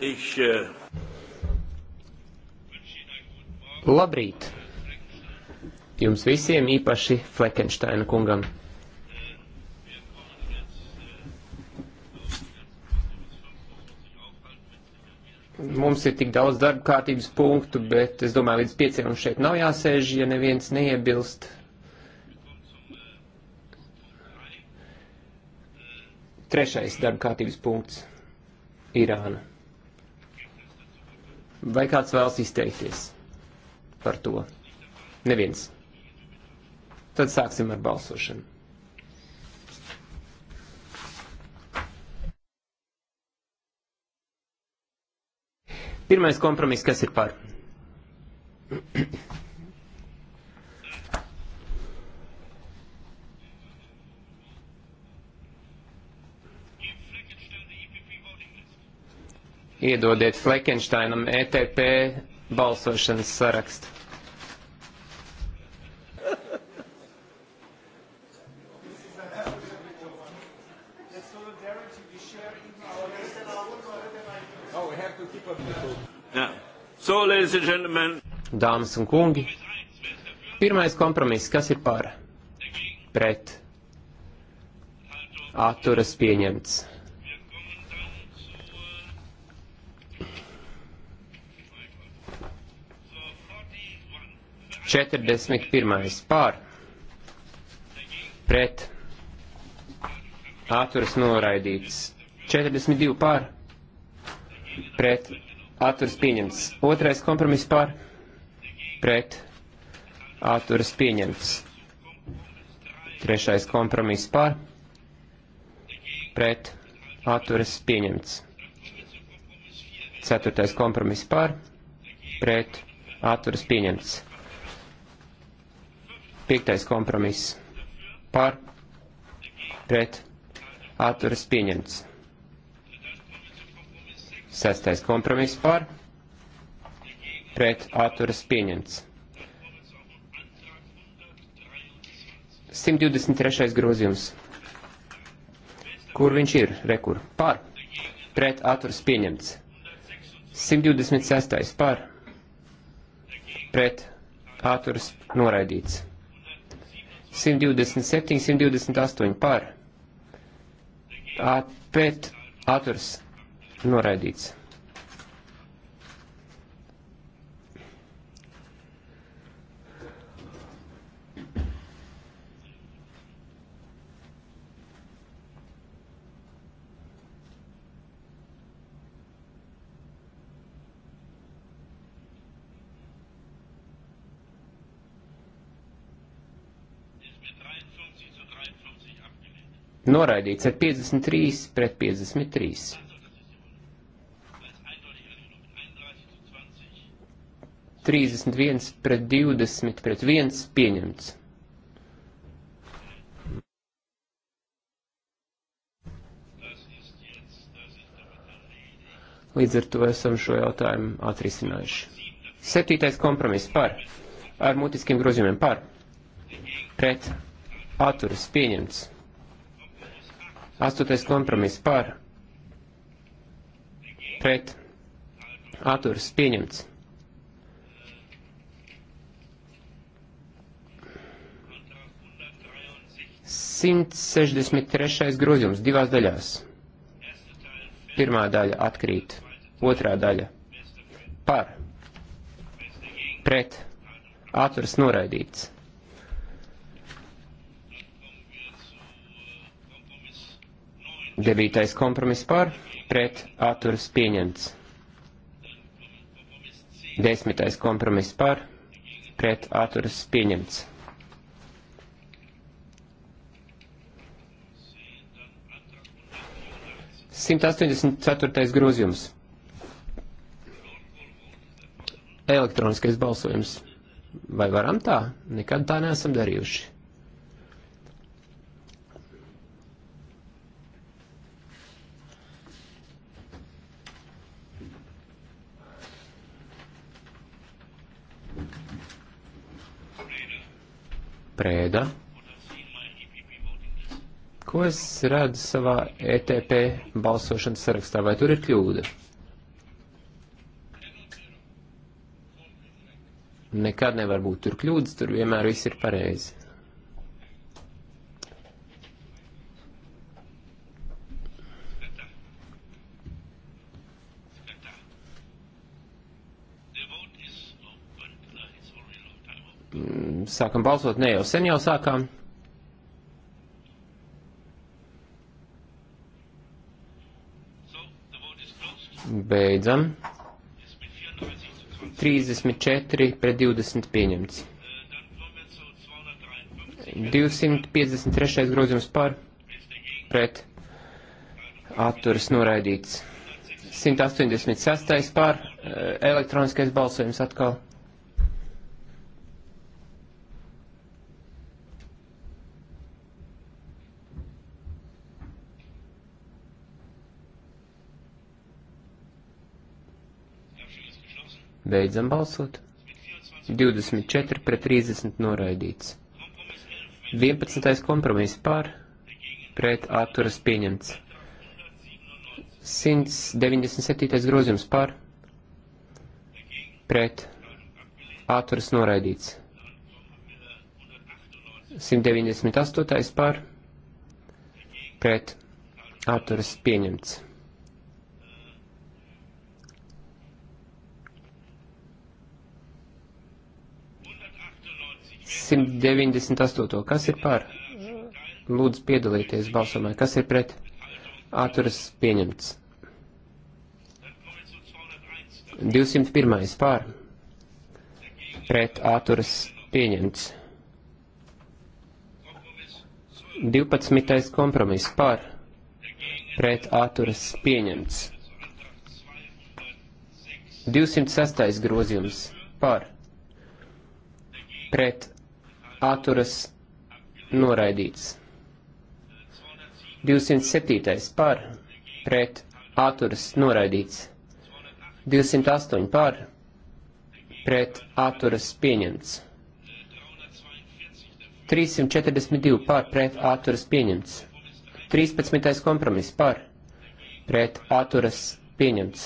Ich, äh... Labrīt! Jums visiem īpaši Fleckensteina kungam. Mums ir tik daudz darba kārtības punktu, bet es domāju, līdz pieciem mums šeit nav jāsēž, ja neviens neiebilst. Trešais darba kārtības punkts - Irāna. Vai kāds vēlas izteikties par to? Neviens. Tad sāksim ar balsošanu. Pirmais kompromiss, kas ir par? iedodiet Fleckensteinam ETP balsošanas sarakstu. So, Dāmas un kungi, pirmais kompromiss, kas ir par? Pret. Atturas pieņemts. 41. pār pret atturas noraidīts. 42 pār pret atturas pieņemts. Otrais kompromiss pār pret atturas pieņemts. Trešais kompromiss pār pret atturas pieņemts. Ceturtais kompromiss pār pret atturas pieņemts. Piektais kompromiss par pret atturas pieņemts. Sestais kompromiss par pret atturas pieņemts. 123. grozījums. Kur viņš ir? Rekur. Par. Pret atturas pieņemts. 126. par. Pret atturas noraidīts. 127, 128 par. At, pret atturs noraidīts. Noraidīts ar 53 pret 53. Trīsdesmit viens pret divdesmit pret viens pieņemts. Līdz ar to esam šo jautājumu atrisinājuši. Septītais kompromiss par, ar mutiskiem grozījumiem par, pret, atturas pieņemts. Astotais kompromiss par pret atturas pieņemts. Simts sešdesmit trešais grozījums divās daļās. Pirmā daļa atkrīt, otrā daļa par pret atturas noraidīts. Devītais kompromiss par, pret, atturas pieņemts. Desmitais kompromiss par, pret, atturas pieņemts. Simt astoņdesmit ceturtais grozījums. Elektroniskais balsojums. Vai varam tā? Nekad tā neesam darījuši. Prēda, ko es redzu savā ETP balsošanas sarakstā, vai tur ir kļūda? Nekad nevar būt tur kļūdas, tur vienmēr viss ir pareizi. Sākam balsot, ne jau sen jau sākām. Beidzam. 34 pret 20 pieņemts. 253. grozījums par pret atturas noraidīts. 186. par eh, elektroniskais balsojums atkal. Beidzam balsot. 24 pret 30 noraidīts. 11. kompromiss pār, pret atturas pieņemts. 197. grozījums pār, pret atturas noraidīts. 198. pār, pret atturas pieņemts. 198. Kas ir par? Lūdzu piedalīties balsojumā. Kas ir pret? Atturas pieņemts. 201. pār. Pret atturas pieņemts. 12. kompromiss pār. Pret atturas pieņemts. 206. grozījums pār. Pret atturas noraidīts. 207. par pret atturas noraidīts. 208 par pret atturas pieņemts. 342 par pret atturas pieņemts. 13. kompromiss par pret atturas pieņemts.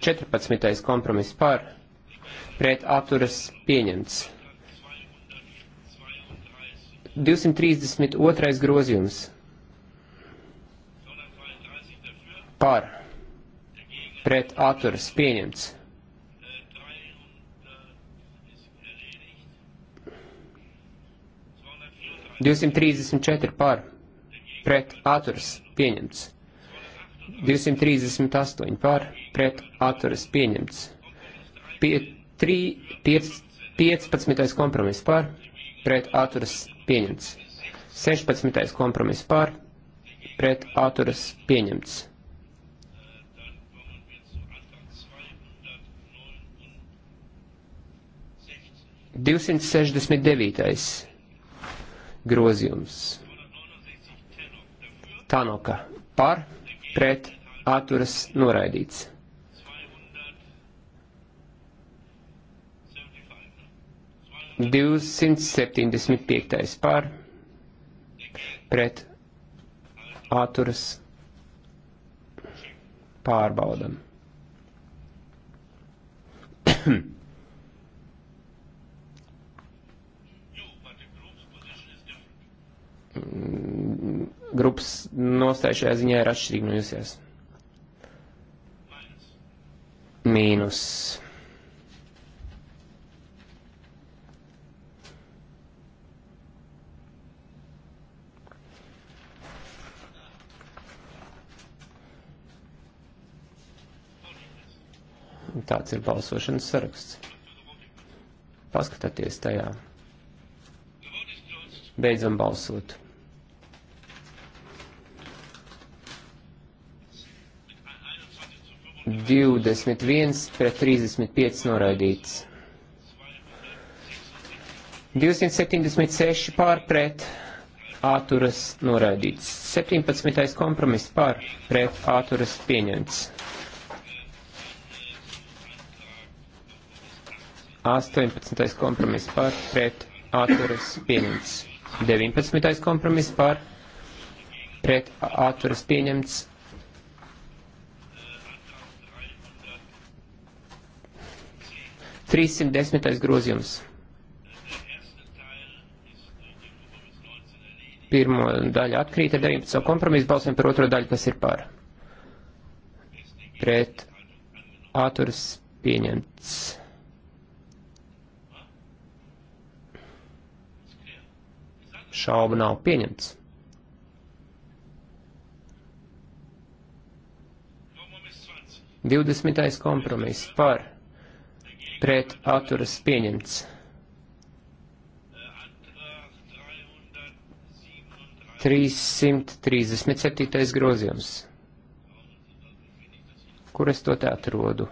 14. kompromiss par pret atturas pieņemts. 232. grozījums. Par. Pret atturas pieņemts. Divsimt trīsdesmit četri par, pret atturas pieņemts. 238 par, pret atturas pieņemts. Pie, 3, 5, 15. kompromiss par, pret atturas pieņemts. 16. kompromiss pār, pret atturas pieņemts. Divsimt sešdesmit devītais grozījums. Tanoka par, pret, atturas noraidīts. 275. pār pret atturas pārbaudam. Grupas nostāja šajā ziņā ir atšķirīga no jūsies. Mīnus. Tāds ir balsošanas saraksts. Paskatieties tajā. Beidzam balsot. Divdesmit viens pret trīsdesmit pieci noraidīts. 276 pār pret āturas noraidīts. 17. kompromiss pār pret āturas pieņemts. 18. kompromiss par pret atturas pieņemts. 19. kompromiss par pret atturas pieņemts. Trīsimt desmitais grozījums. Pirmo daļu atkrīt ar 19. kompromisu balsēm par otro daļu, kas ir par. Pret atturas pieņemts. Šauba nav pieņemts. Divdesmitais kompromiss par pret atturas pieņemts. 337. grozījums. Kur es to te atrodu?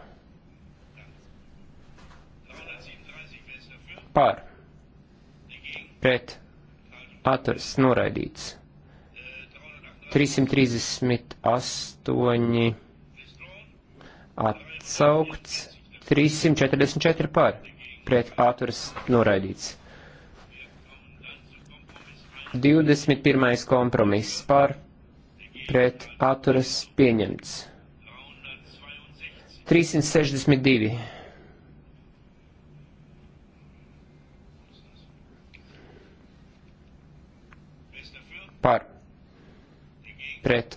Pār. Pret atturs noraidīts. 338 atsaukts, 344 par, pret atturs noraidīts. 21. kompromiss par, pret atturas pieņemts. 362 par pret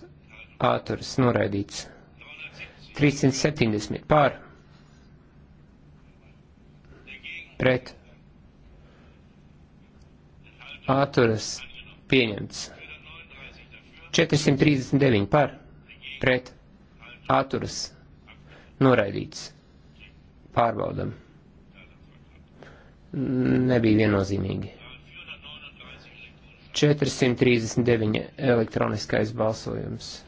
āturs noraidīts. 370 par pret āturs pieņemts. 439 par pret āturs noraidīts. Pārbaudam. Nebija viennozīmīgi. 439 elektroniskais balsojums.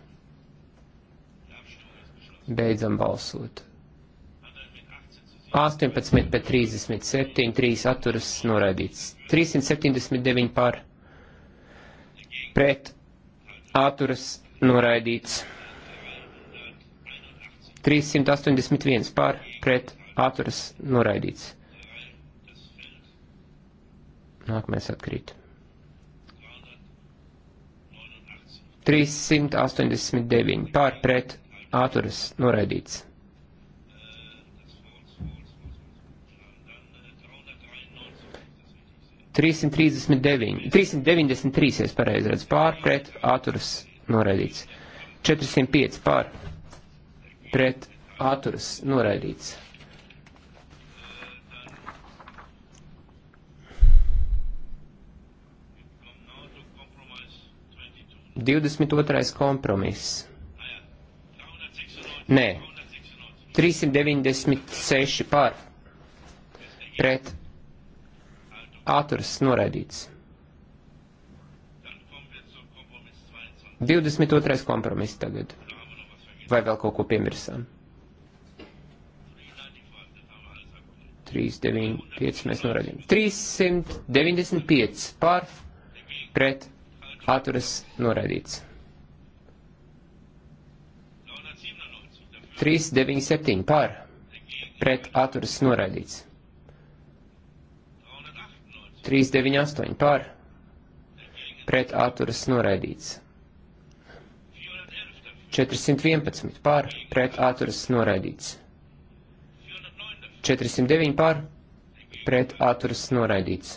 Beidzam balsot. 18 pret 37, 3 atturas noraidīts. 379 par pret atturas noraidīts. 381 par pret atturas noraidīts. Nākamais atkrīt. 389 pār pret āturas noraidīts. 339, 393, es pareizi redzu, pār pret āturas noraidīts. 405 pār pret āturas noraidīts. 22. kompromiss. Nē, 396 pār pret āturs noraidīts. 22. kompromiss tagad. Vai vēl kaut ko piemirsām? 395 mēs noraidījām. 395 pār pret atturas noraidīts. 397 par, pret atturas noraidīts. 398 par, pret atturas noraidīts. 411 pār, pret atturas noraidīts. 409 pār, pret atturas noraidīts.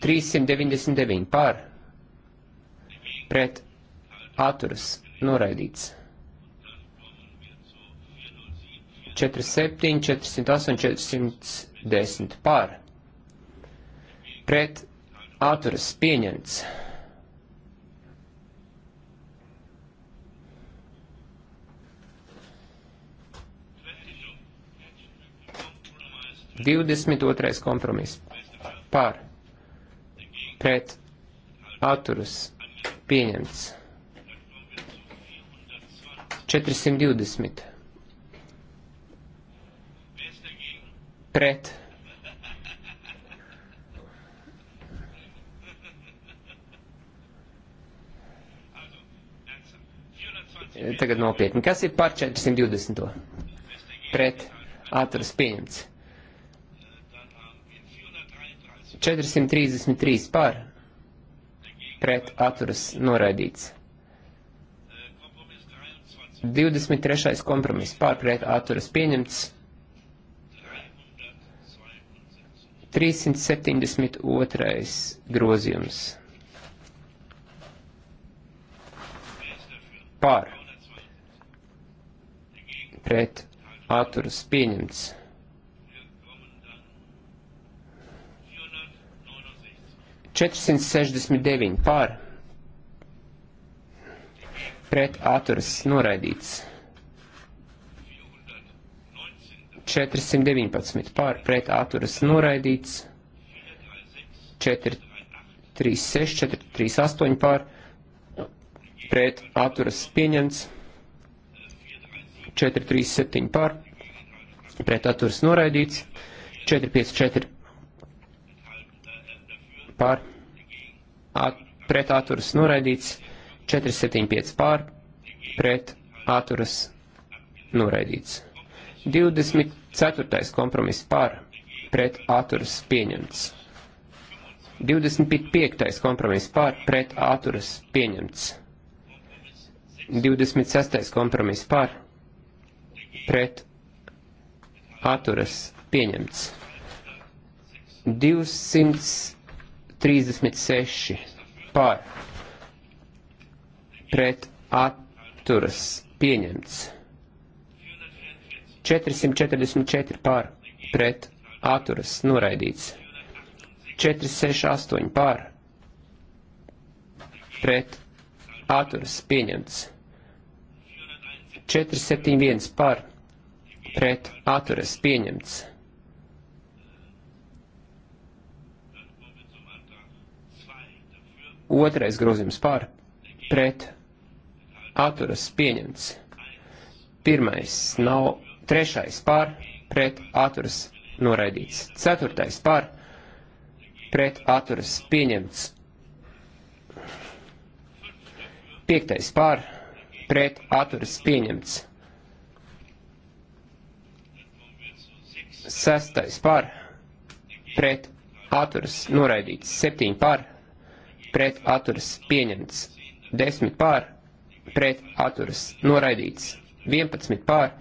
399 par pret atturas noraidīts. 47, 408, 410 par pret atturas pieņemts. Divdesmit otrais kompromiss par pret atturas pieņemts. 420 pret Tagad nopietni. Kas ir par 420? Pret atturas pieņemts. 433 par pret atturas noraidīts. 23. kompromiss par pret atturas pieņemts. 372. grozījums. Par pret atturas pieņemts. 469 pār pret atturas noraidīts. 419 pār pret atturas noraidīts. 436, 438 pār pret atturas pieņemts. 437 pār pret atturas noraidīts. 454 pār, at, pret atturas noraidīts, 475 pār, pret atturas noraidīts. 24. kompromiss pār, pret atturas pieņemts. 25. kompromiss pār, pret atturas pieņemts. 26. kompromiss pār, pret atturas pieņemts. 200 36 par pret atturas pieņemts. 444 par pret atturas noraidīts. 468 par pret atturas pieņemts. 471 par pret atturas pieņemts. Otrais grozījums par, pret, atturas pieņemts. Pirmais nav, trešais par, pret, atturas noraidīts. Ceturtais par, pret, atturas pieņemts. Piektais par, pret, atturas pieņemts. Sestais par, pret, atturas noraidīts. Septiņi par, pret, pret atturas pieņemts, 10 pār, pret atturas noraidīts, 11 pār,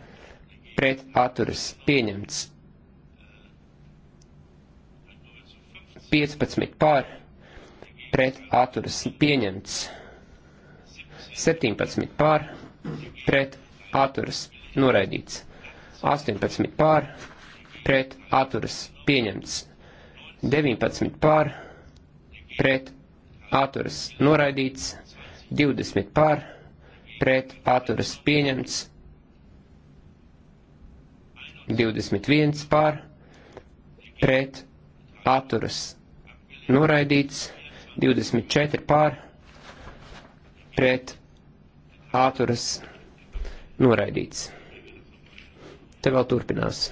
pret atturas pieņemts, 15 pār, pret atturas pieņemts, 17 pār, pret atturas noraidīts, 18 pār, pret atturas pieņemts, 19 pār, pret atturas noraidīts, 20 pār, pret atturas pieņemts, 21 pār, pret atturas noraidīts, 24 pār, pret atturas noraidīts. Te vēl turpinās.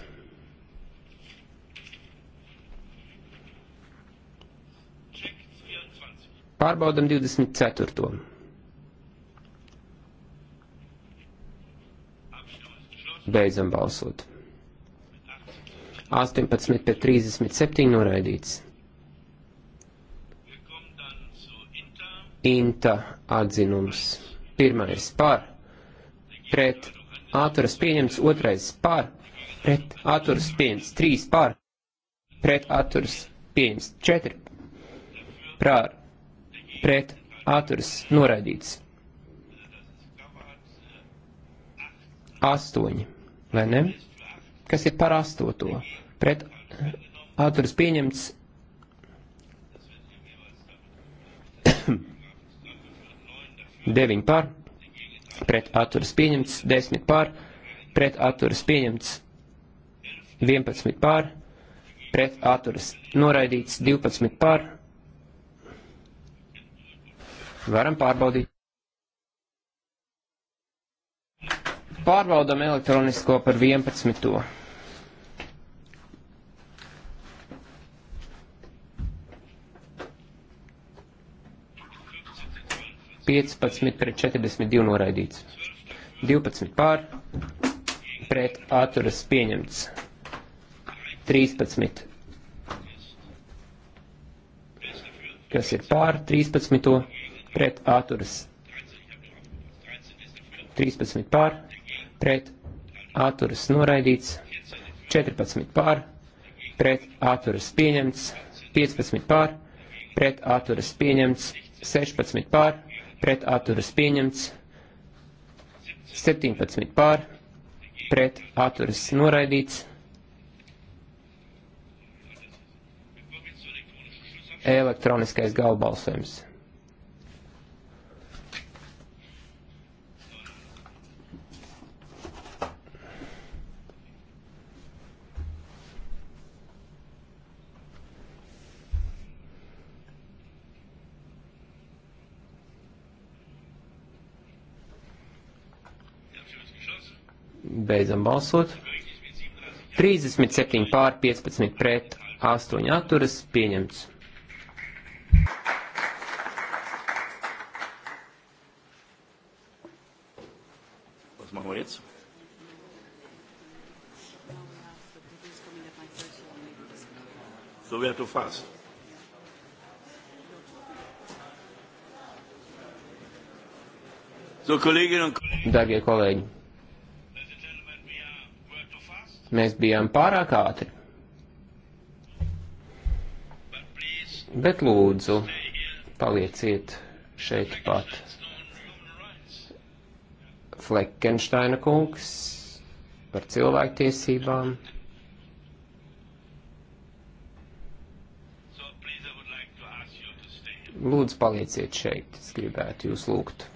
Pārbaudam 24. Beidzam balsot. 18 pie 37 noraidīts. Inta atzinums. Pirmais par, pret, atturas pieņemts, otrais par, pret, atturas pieņemts, trīs par, pret, atturas pieņemts, četri, prār, pret atturas noraidīts. Astoņi, vai ne? Kas ir par astoto? Pret atturas pieņemts. Deviņi par, pret atturas pieņemts, desmit par, pret atturas pieņemts, vienpadsmit par, pret atturas noraidīts, divpadsmit par, Varam pārbaudīt. Pārbaudam elektronisko par 11. Piecpadsmit pret četrdesmit divi noraidīts. Divpadsmit pār, pret atturas pieņemts. Trīspadsmit. Kas ir pār trīspadsmito? pret atturas 13 pār, pret atturas noraidīts 14 pār, pret atturas pieņemts 15 pār, pret atturas pieņemts 16 pār, pret atturas pieņemts 17 pār, pret atturas noraidīts elektroniskais galvbalsojums. Beidzam balsot. 37 pār 15 pret 8 atturas pieņemts. Was machen wir jetzt? So wäre du fast. So, Kolleginnen und Kollegen. Darbie kolēģi. Mēs bijām pārāk ātri. Bet lūdzu, palieciet šeit pat. Fleckensteina kungs par cilvēktiesībām. Lūdzu, palieciet šeit, es gribētu jūs lūgt.